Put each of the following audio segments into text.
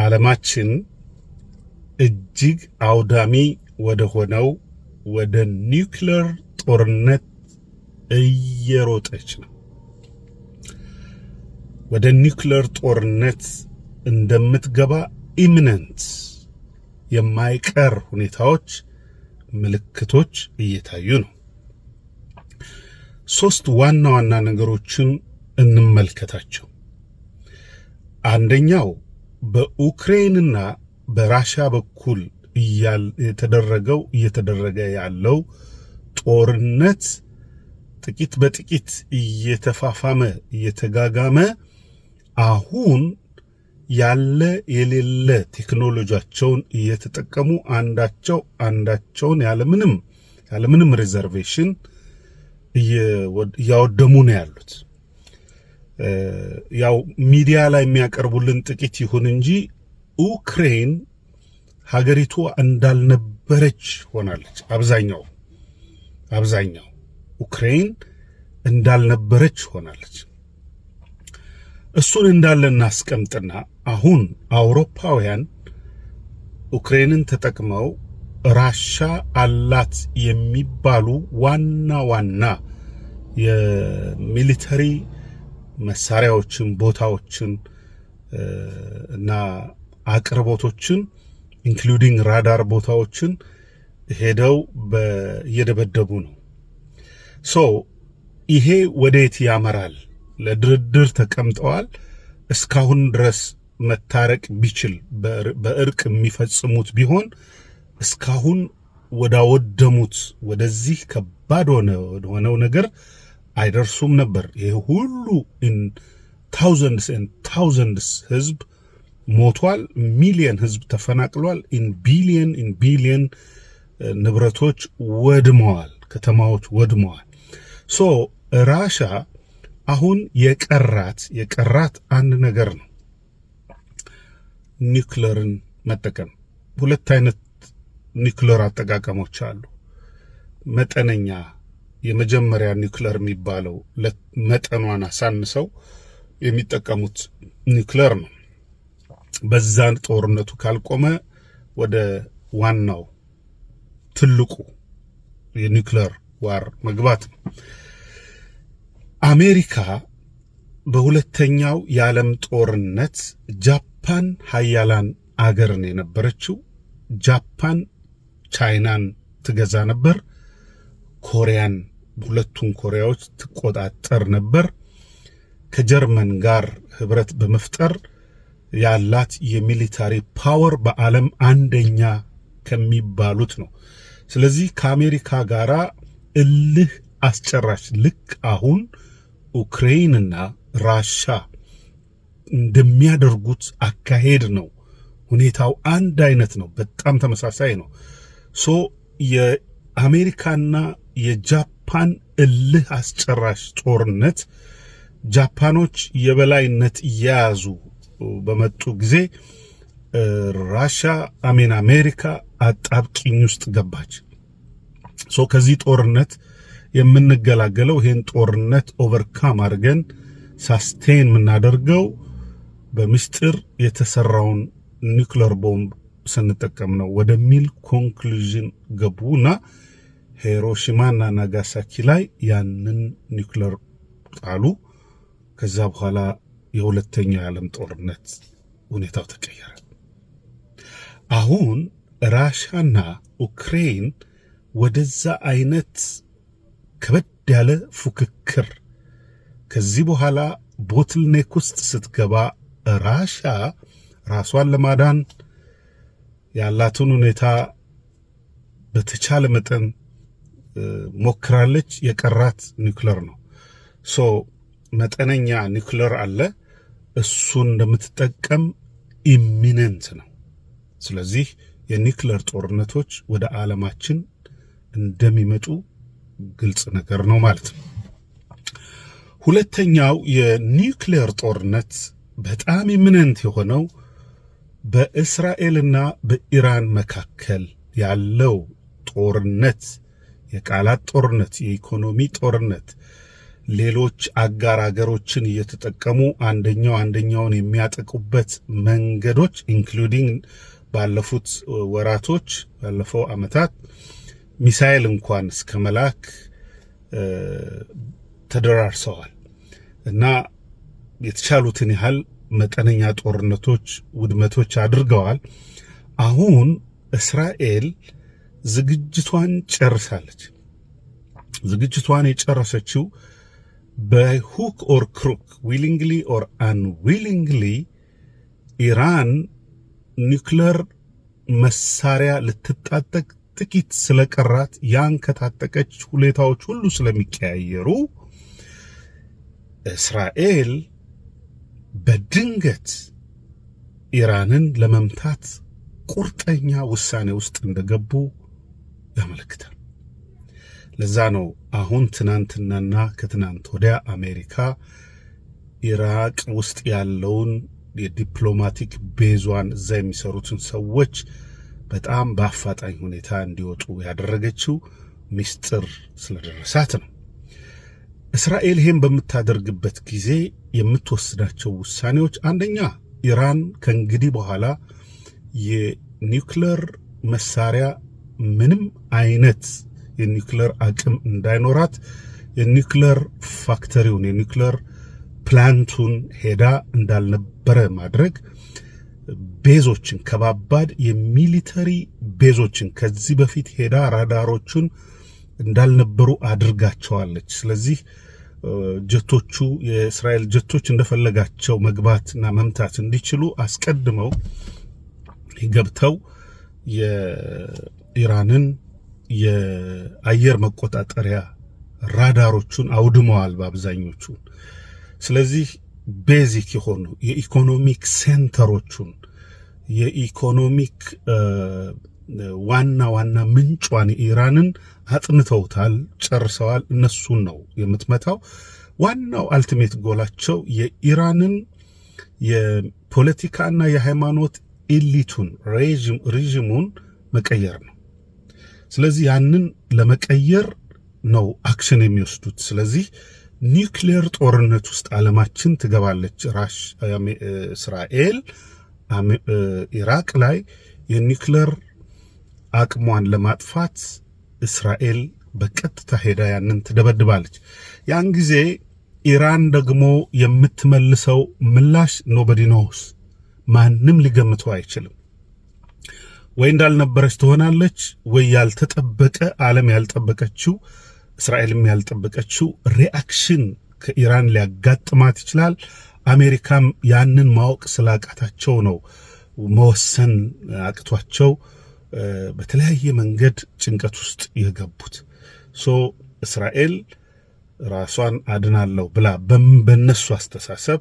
ዓለማችን እጅግ አውዳሚ ወደ ሆነው ወደ ኒውክሌር ጦርነት እየሮጠች ነው። ወደ ኒውክሌር ጦርነት እንደምትገባ ኢሚነንት የማይቀር ሁኔታዎች ምልክቶች እየታዩ ነው። ሶስት ዋና ዋና ነገሮችን እንመልከታቸው። አንደኛው በኡክሬንና በራሻ በኩል የተደረገው እየተደረገ ያለው ጦርነት ጥቂት በጥቂት እየተፋፋመ እየተጋጋመ አሁን ያለ የሌለ ቴክኖሎጂያቸውን እየተጠቀሙ አንዳቸው አንዳቸውን ያለምንም ያለምንም ሪዘርቬሽን እያወደሙ ነው ያሉት። ያው ሚዲያ ላይ የሚያቀርቡልን ጥቂት ይሁን እንጂ ኡክሬን ሀገሪቱ እንዳልነበረች ሆናለች። አብዛኛው አብዛኛው ኡክሬን እንዳልነበረች ሆናለች። እሱን እንዳለ እናስቀምጥና አሁን አውሮፓውያን ኡክሬንን ተጠቅመው ራሻ አላት የሚባሉ ዋና ዋና የሚሊተሪ መሳሪያዎችን፣ ቦታዎችን እና አቅርቦቶችን ኢንክሉዲንግ ራዳር ቦታዎችን ሄደው እየደበደቡ ነው። ሶ ይሄ ወዴት ያመራል? ለድርድር ተቀምጠዋል። እስካሁን ድረስ መታረቅ ቢችል በእርቅ የሚፈጽሙት ቢሆን እስካሁን ወዳወደሙት ወደዚህ ከባድ ሆነ ወደሆነው ነገር አይደርሱም ነበር። ይህ ሁሉ ታውዘንድስ ኤንድ ታውዘንድስ ህዝብ ሞቷል። ሚሊየን ህዝብ ተፈናቅሏል። ኢን ቢሊየን ኢን ቢሊየን ንብረቶች ወድመዋል። ከተማዎች ወድመዋል። ሶ ራሻ አሁን የቀራት የቀራት አንድ ነገር ነው፣ ኒውክለርን መጠቀም። ሁለት አይነት ኒውክለር አጠቃቀሞች አሉ። መጠነኛ የመጀመሪያ ኒውክለር የሚባለው መጠኗን አሳንሰው የሚጠቀሙት ኒውክለር ነው። በዛን ጦርነቱ ካልቆመ ወደ ዋናው ትልቁ የኒውክለር ዋር መግባት ነው። አሜሪካ በሁለተኛው የዓለም ጦርነት ጃፓን ሀያላን አገርን የነበረችው ጃፓን ቻይናን ትገዛ ነበር፣ ኮሪያን ሁለቱን ኮሪያዎች ትቆጣጠር ነበር። ከጀርመን ጋር ህብረት በመፍጠር ያላት የሚሊታሪ ፓወር በዓለም አንደኛ ከሚባሉት ነው። ስለዚህ ከአሜሪካ ጋር እልህ አስጨራሽ ልክ አሁን ኡክሬይንና ራሻ እንደሚያደርጉት አካሄድ ነው። ሁኔታው አንድ አይነት ነው። በጣም ተመሳሳይ ነው። ሶ የአሜሪካና የጃፓን ጃፓን እልህ አስጨራሽ ጦርነት ጃፓኖች የበላይነት እየያዙ በመጡ ጊዜ ራሻ አሜን አሜሪካ አጣብቂኝ ውስጥ ገባች። ሶ ከዚህ ጦርነት የምንገላገለው ይህን ጦርነት ኦቨርካም አድርገን ሳስቴን የምናደርገው በምስጢር የተሰራውን ኒውክለር ቦምብ ስንጠቀም ነው ወደሚል ኮንክሉዥን ገቡ እና ሂሮሺማና ናጋሳኪ ላይ ያንን ኒውክለር ጣሉ። ከዛ በኋላ የሁለተኛ የዓለም ጦርነት ሁኔታው ተቀየረ። አሁን ራሻና ኡክሬን ወደዛ አይነት ከበድ ያለ ፉክክር ከዚህ በኋላ ቦትልኔክ ውስጥ ስትገባ ራሻ ራሷን ለማዳን ያላትን ሁኔታ በተቻለ መጠን ሞክራለች። የቀራት ኒክለር ነው። ሶ መጠነኛ ኒክለር አለ። እሱን እንደምትጠቀም ኢሚነንት ነው። ስለዚህ የኒክለር ጦርነቶች ወደ ዓለማችን እንደሚመጡ ግልጽ ነገር ነው ማለት ነው። ሁለተኛው የኒክሌር ጦርነት በጣም ኢሚነንት የሆነው በእስራኤልና በኢራን መካከል ያለው ጦርነት የቃላት ጦርነት፣ የኢኮኖሚ ጦርነት፣ ሌሎች አጋር አገሮችን እየተጠቀሙ አንደኛው አንደኛውን የሚያጠቁበት መንገዶች ኢንክሉዲንግ ባለፉት ወራቶች ባለፈው ዓመታት ሚሳይል እንኳን እስከ መላክ ተደራርሰዋል እና የተቻሉትን ያህል መጠነኛ ጦርነቶች፣ ውድመቶች አድርገዋል። አሁን እስራኤል ዝግጅቷን ጨርሳለች። ዝግጅቷን የጨረሰችው በሁክ ኦር ክሩክ ዊሊንግሊ ኦር አንዊሊንግሊ ኢራን ኒውክለር መሳሪያ ልትታጠቅ ጥቂት ስለቀራት ያን ከታጠቀች ሁኔታዎች ሁሉ ስለሚቀያየሩ እስራኤል በድንገት ኢራንን ለመምታት ቁርጠኛ ውሳኔ ውስጥ እንደገቡ ያመለክታል። ለዛ ነው አሁን ትናንትናና ከትናንት ወዲያ አሜሪካ ኢራቅ ውስጥ ያለውን የዲፕሎማቲክ ቤዟን እዛ የሚሰሩትን ሰዎች በጣም በአፋጣኝ ሁኔታ እንዲወጡ ያደረገችው ሚስጥር ስለደረሳት ነው። እስራኤል ይህን በምታደርግበት ጊዜ የምትወስዳቸው ውሳኔዎች አንደኛ ኢራን ከእንግዲህ በኋላ የኒውክለር መሳሪያ ምንም አይነት የኒክሌር አቅም እንዳይኖራት የኒውክለር ፋክተሪውን የኒክሌር ፕላንቱን ሄዳ እንዳልነበረ ማድረግ ቤዞችን ከባባድ የሚሊተሪ ቤዞችን ከዚህ በፊት ሄዳ ራዳሮቹን እንዳልነበሩ አድርጋቸዋለች። ስለዚህ ጀቶቹ የእስራኤል ጀቶች እንደፈለጋቸው መግባትና መምታት እንዲችሉ አስቀድመው ገብተው ኢራንን የአየር መቆጣጠሪያ ራዳሮቹን አውድመዋል በአብዛኞቹ። ስለዚህ ቤዚክ የሆኑ የኢኮኖሚክ ሴንተሮቹን የኢኮኖሚክ ዋና ዋና ምንጯን ኢራንን አጥንተውታል፣ ጨርሰዋል። እነሱን ነው የምትመታው። ዋናው አልቲሜት ጎላቸው የኢራንን የፖለቲካና የሃይማኖት ኢሊቱን ሬዥሙን መቀየር ነው። ስለዚህ ያንን ለመቀየር ነው አክሽን የሚወስዱት። ስለዚህ ኒውክሌር ጦርነት ውስጥ አለማችን ትገባለች። እስራኤል ኢራቅ ላይ የኒውክሌር አቅሟን ለማጥፋት እስራኤል በቀጥታ ሄዳ ያንን ትደበድባለች። ያን ጊዜ ኢራን ደግሞ የምትመልሰው ምላሽ ኖበዲ ኖውስ፣ ማንም ሊገምተው አይችልም። ወይ እንዳልነበረች ትሆናለች፣ ወይ ያልተጠበቀ ዓለም ያልጠበቀችው እስራኤልም ያልጠበቀችው ሪአክሽን ከኢራን ሊያጋጥማት ይችላል። አሜሪካም ያንን ማወቅ ስላቃታቸው ነው መወሰን አቅቷቸው በተለያየ መንገድ ጭንቀት ውስጥ የገቡት። ሶ እስራኤል ራሷን አድናለሁ ብላ በነሱ አስተሳሰብ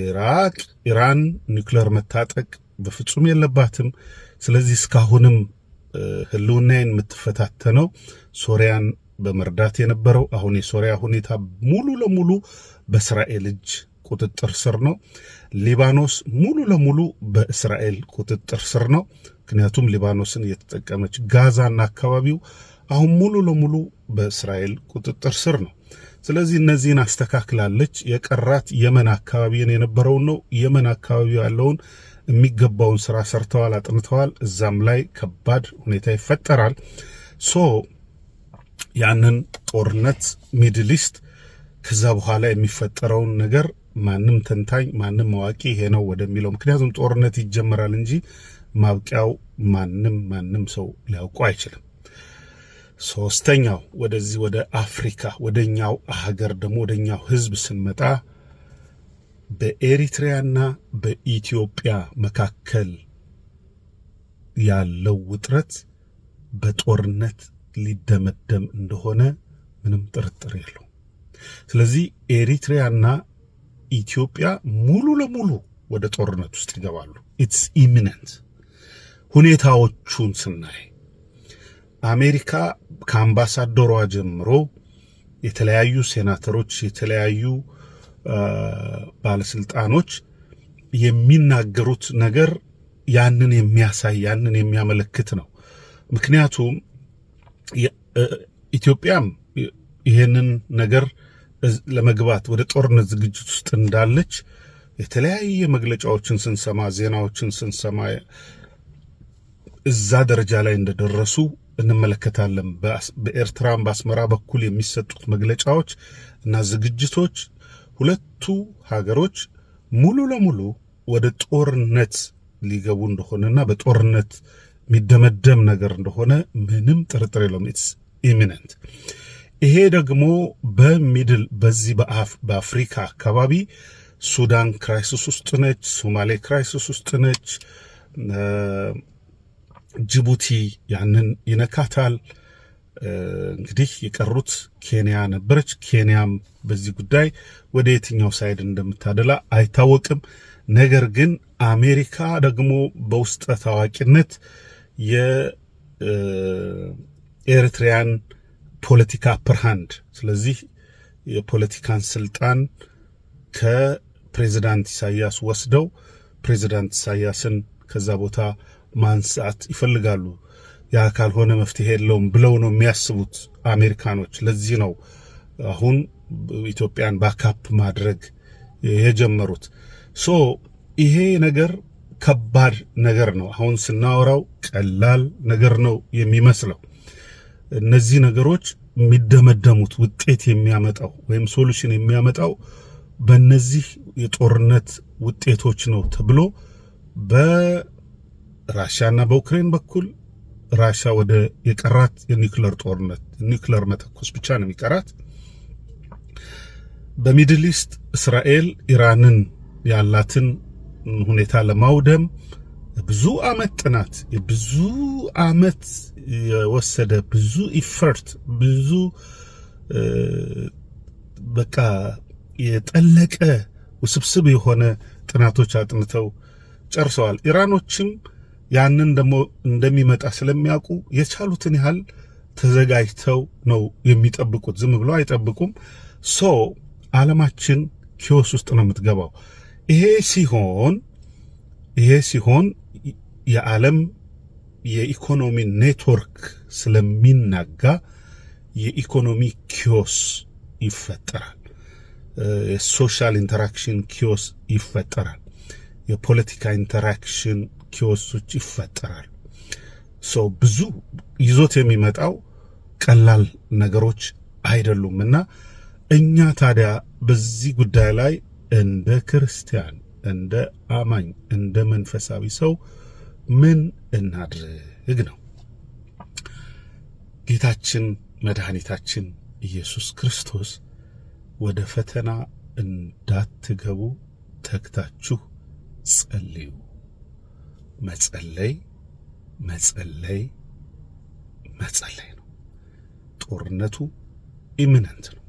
ኢራቅ ኢራን ኒውክሌር መታጠቅ በፍጹም የለባትም። ስለዚህ እስካሁንም ህልውናዬን የምትፈታተነው ሶሪያን በመርዳት የነበረው አሁን የሶሪያ ሁኔታ ሙሉ ለሙሉ በእስራኤል እጅ ቁጥጥር ስር ነው። ሊባኖስ ሙሉ ለሙሉ በእስራኤል ቁጥጥር ስር ነው። ምክንያቱም ሊባኖስን የተጠቀመች ጋዛና አካባቢው አሁን ሙሉ ለሙሉ በእስራኤል ቁጥጥር ስር ነው። ስለዚህ እነዚህን አስተካክላለች። የቀራት የመን አካባቢን የነበረውን ነው። የመን አካባቢ ያለውን የሚገባውን ስራ ሰርተዋል፣ አጥንተዋል። እዛም ላይ ከባድ ሁኔታ ይፈጠራል። ሶ ያንን ጦርነት ሚድል ኢስት ከዛ በኋላ የሚፈጠረውን ነገር ማንም ተንታኝ ማንም አዋቂ ይሄ ነው ወደሚለው ምክንያቱም ጦርነት ይጀመራል እንጂ ማብቂያው ማንም ማንም ሰው ሊያውቁ አይችልም። ሶስተኛው ወደዚህ ወደ አፍሪካ ወደኛው ሀገር ደግሞ ወደኛው ህዝብ ስንመጣ በኤሪትሪያና በኢትዮጵያ መካከል ያለው ውጥረት በጦርነት ሊደመደም እንደሆነ ምንም ጥርጥር የለው። ስለዚህ ኤሪትሪያና ኢትዮጵያ ሙሉ ለሙሉ ወደ ጦርነት ውስጥ ይገባሉ። ኢትስ ኢሚነንት። ሁኔታዎቹን ስናይ አሜሪካ ከአምባሳደሯ ጀምሮ የተለያዩ ሴናተሮች የተለያዩ ባለስልጣኖች የሚናገሩት ነገር ያንን የሚያሳይ ያንን የሚያመለክት ነው። ምክንያቱም ኢትዮጵያም ይህንን ነገር ለመግባት ወደ ጦርነት ዝግጅት ውስጥ እንዳለች የተለያየ መግለጫዎችን ስንሰማ፣ ዜናዎችን ስንሰማ እዛ ደረጃ ላይ እንደደረሱ እንመለከታለን። በኤርትራም በአስመራ በኩል የሚሰጡት መግለጫዎች እና ዝግጅቶች ሁለቱ ሀገሮች ሙሉ ለሙሉ ወደ ጦርነት ሊገቡ እንደሆነና በጦርነት የሚደመደም ነገር እንደሆነ ምንም ጥርጥር የለውም። ኢትስ ኢሚነንት። ይሄ ደግሞ በሚድል በዚህ በአፍሪካ አካባቢ ሱዳን ክራይሲስ ውስጥ ነች፣ ሶማሌ ክራይሲስ ውስጥ ነች። ጅቡቲ ያንን ይነካታል። እንግዲህ የቀሩት ኬንያ ነበረች። ኬንያም በዚህ ጉዳይ ወደ የትኛው ሳይድ እንደምታደላ አይታወቅም። ነገር ግን አሜሪካ ደግሞ በውስጠ ታዋቂነት የኤርትሪያን ፖለቲካ ፕርሃንድ ስለዚህ የፖለቲካን ስልጣን ከፕሬዚዳንት ኢሳያስ ወስደው ፕሬዚዳንት ኢሳያስን ከዛ ቦታ ማንሳት ይፈልጋሉ። ያ ካልሆነ መፍትሄ የለውም ብለው ነው የሚያስቡት አሜሪካኖች። ለዚህ ነው አሁን ኢትዮጵያን ባካፕ ማድረግ የጀመሩት። ሶ ይሄ ነገር ከባድ ነገር ነው። አሁን ስናወራው ቀላል ነገር ነው የሚመስለው። እነዚህ ነገሮች የሚደመደሙት ውጤት የሚያመጣው ወይም ሶሉሽን የሚያመጣው በእነዚህ የጦርነት ውጤቶች ነው ተብሎ በራሽያና በዩክሬን በኩል ራሻ ወደ የቀራት የኒክለር ጦርነት ኒክለር መተኮስ ብቻ ነው የሚቀራት። በሚድል ኢስት እስራኤል ኢራንን ያላትን ሁኔታ ለማውደም ብዙ አመት ጥናት ብዙ አመት የወሰደ ብዙ ኢፈርት ብዙ በቃ የጠለቀ ውስብስብ የሆነ ጥናቶች አጥንተው ጨርሰዋል። ኢራኖችም ያንን ደግሞ እንደሚመጣ ስለሚያውቁ የቻሉትን ያህል ተዘጋጅተው ነው የሚጠብቁት። ዝም ብለው አይጠብቁም። ሶ ዓለማችን ኪዮስ ውስጥ ነው የምትገባው። ይሄ ሲሆን ይሄ ሲሆን የዓለም የኢኮኖሚ ኔትወርክ ስለሚናጋ የኢኮኖሚ ኪዮስ ይፈጠራል። የሶሻል ኢንተራክሽን ኪዮስ ይፈጠራል። የፖለቲካ ኢንተራክሽን ኪዮሶች ይፈጠራል። ሰው ብዙ ይዞት የሚመጣው ቀላል ነገሮች አይደሉም እና እኛ ታዲያ በዚህ ጉዳይ ላይ እንደ ክርስቲያን፣ እንደ አማኝ፣ እንደ መንፈሳዊ ሰው ምን እናድርግ ነው? ጌታችን መድኃኒታችን ኢየሱስ ክርስቶስ ወደ ፈተና እንዳትገቡ ተግታችሁ ጸልዩ መጸለይ መጸለይ መጸለይ ነው። ጦርነቱ ኢሚነንት ነው።